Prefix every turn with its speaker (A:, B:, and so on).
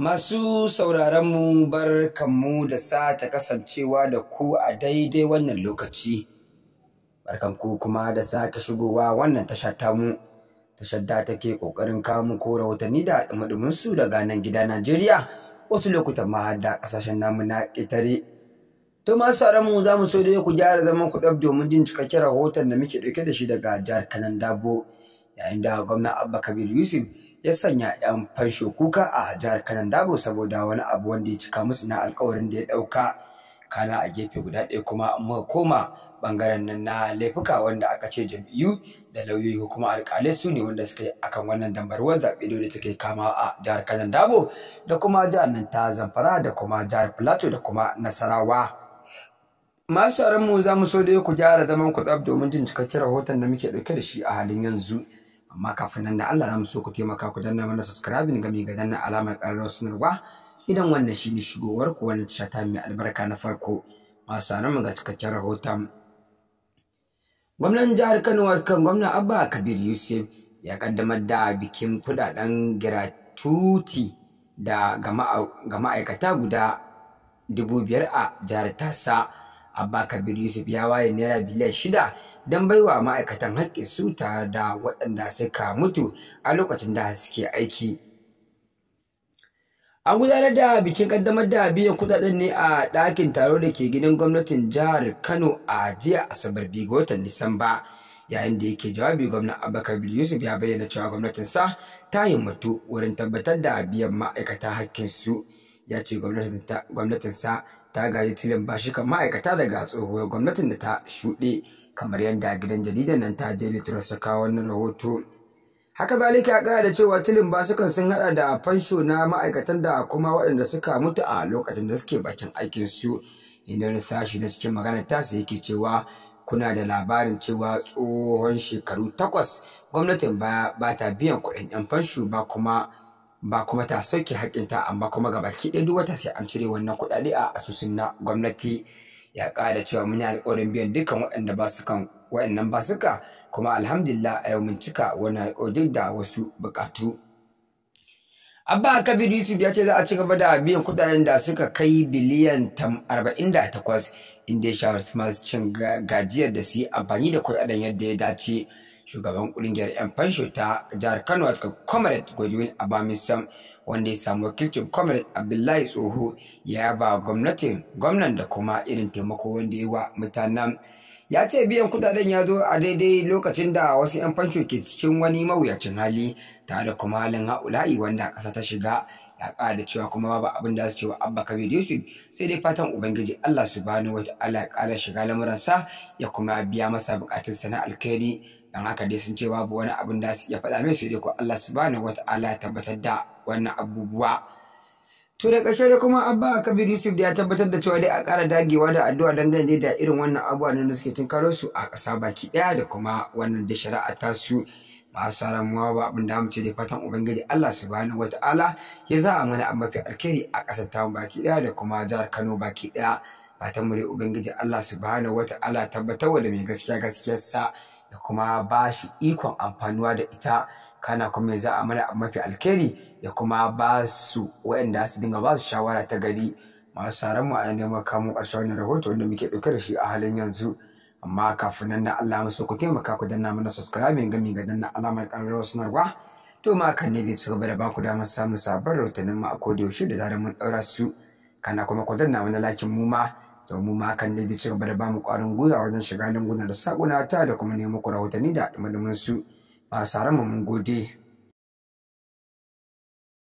A: Masu sauraronmu bar kanmu da sata kasancewa da ku a daidai wannan lokaci. Barkanku kuma da sake shigowa wannan tasha tamu, tashar da take ƙoƙarin kawo muku rahotanni da ɗumuɗumin su daga nan gida Najeriya, wasu lokutan ma har da ƙasashen namu na ƙetare. To masu sauraronmu za mu so dai ku gyara zaman ku ɗab domin jin cikakken rahoton da muke ɗauke da shi daga jihar Kanan Dabo, yayin da gwamna Abba Kabir Yusuf ya sanya 'yan fansho kuka a jihar kanan dabo saboda wani abu wanda ya cika musu na alkawarin da ya ɗauka kana a gefe guda ɗaya kuma muka koma ɓangaren nan na laifuka wanda aka ce jam'iyyu da lauyoyi ko kuma alƙalai su ne wanda suka yi akan wannan dambarwar zaɓe da kai kama a jihar kanan dabo da kuma jihar nan ta zamfara da kuma jihar plateau da kuma nasarawa masu mu za mu so dai ku gyara zaman ku tsaf domin jin cikakken rahoton da muke ɗauke da shi a halin yanzu amma kafin nan da Allah za mu so ku taimaka ku danna mana subscribing mai ga danna alamar ƙararrawar sanarwa idan wannan shine ne shigowar ku wani shata mai albarka na farko masu mu ga cikakken rahoton gwamnan jihar Kano kan gwamnan Abba Kabir Yusuf ya kaddamar da bikin kudaden gratuity da ga ma'aikata guda dubu a jihar tasa abba kabir yusuf ya waye naira biliyan shida don baiwa ma'aikatan haƙƙin su tare da waɗanda suka mutu a lokacin da suke aiki an gudanar da bikin ƙaddamar da biyan kuɗaɗen ne a ɗakin taro da ke gidan gwamnatin jihar kano a jiya asabar biyu ga watan disamba yayin da yake jawabi gwamnan abubakar yusuf ya bayyana cewa gwamnatinsa ta himmatu wurin tabbatar da biyan ma'aikatan hakkin su ya ce gwamnatinsa ta gaji tilin kan ma'aikata daga tsohuwar gwamnatin da ta shuɗe kamar yadda gidan jaridar nan ta je litiras ta kawo wannan rahoto haka zalika ya kara da cewa tilin basukan sun hada da fansho na ma'aikatan da kuma waɗanda suka mutu a lokacin da suke bakin aikin su inda wani sashi na cikin maganar tasa yake cewa kuna da labarin cewa tsohon shekaru takwas gwamnatin ba ta biyan kuɗin 'yan fansho ba kuma ba kuma ta sauke ta, amma kuma baki ɗaya duk wata sai an cire wannan kuɗaɗe a asusun na gwamnati ya ƙara cewa mun yi alƙawarin biyan dukkan waɗanda ba su kan waɗannan ba ka kuma alhamdulillah a yau mun cika wannan duk da wasu buƙatu. Abba Kabir Yusuf ya ce za a ci gaba da biyan kuɗaɗen da suka kai biliyan arba'in da takwas inda ya shawarci masu cin gajiyar da su yi amfani da kuɗaɗen yadda ya dace. shugaban kungiyar 'yan fansho ta jihar kano wato comrade godwin abamisam wanda ya samu wakilcin comrade abdullahi tsoho ya yaba gwamnatin gwamnan da kuma irin taimako wanda ya wa mutanen ya ce biyan kudaden ya zo a daidai lokacin da wasu 'yan fansho ke cikin wani mawuyacin hali tare da kuma halin ha'ula'i wanda ƙasa ta shiga ya ƙara da cewa kuma babu abin da su ce wa abba kabir yusuf sai dai fatan ubangiji allah su bani wata allah ya ƙara shiga lamuransa ya kuma biya masa buƙatunsa na alkhairi don haka dai sun ce babu wani abin da su iya faɗa mai sai dai ko allah su bani wata allah ya tabbatar da wannan abubuwa to da ƙarshe da kuma abba kabir yusuf da ya tabbatar da cewa dai a ƙara dagewa da addu'a dangane da irin wannan abubuwa da suke tunkaro su a ƙasa baki ɗaya da kuma wannan da shari'a ta su ba sa ramuwa ba abin da mace da fatan ubangiji Allah subhanahu ta'ala ya za a mana abu mafi alkhairi a ƙasar ta baki ɗaya da kuma jihar Kano baki ɗaya fatan mu ubangiji Allah subhanahu ta tabbatar da mai gaskiya gaskiyarsa da kuma ba shi ikon amfanuwa da ita kana kuma za a mana mafi alkhairi Ya kuma ba su waɗanda su dinga ba su shawara ta gari masu tsaron mu a neman kamo ƙarshen wannan rahoto wanda muke ɗauke da shi a halin yanzu amma kafin nan da Allah musu ku taimaka ku danna mana subscribe gami ga danna alamar ƙararrawar sanarwa to ma kan ne zai ci gaba da ba ku damar samun sabon rahotannin mu a koda da zarar mun ɗaura su kana kuma ku danna mana lakin mu ma domin ma hakan ne zai ci gaba da bamu ƙwarin gwiwa wajen shiga lunguna da saƙuna ta da kuma nemo ku rahotanni da ɗumaɗumin su ba sa mun gode.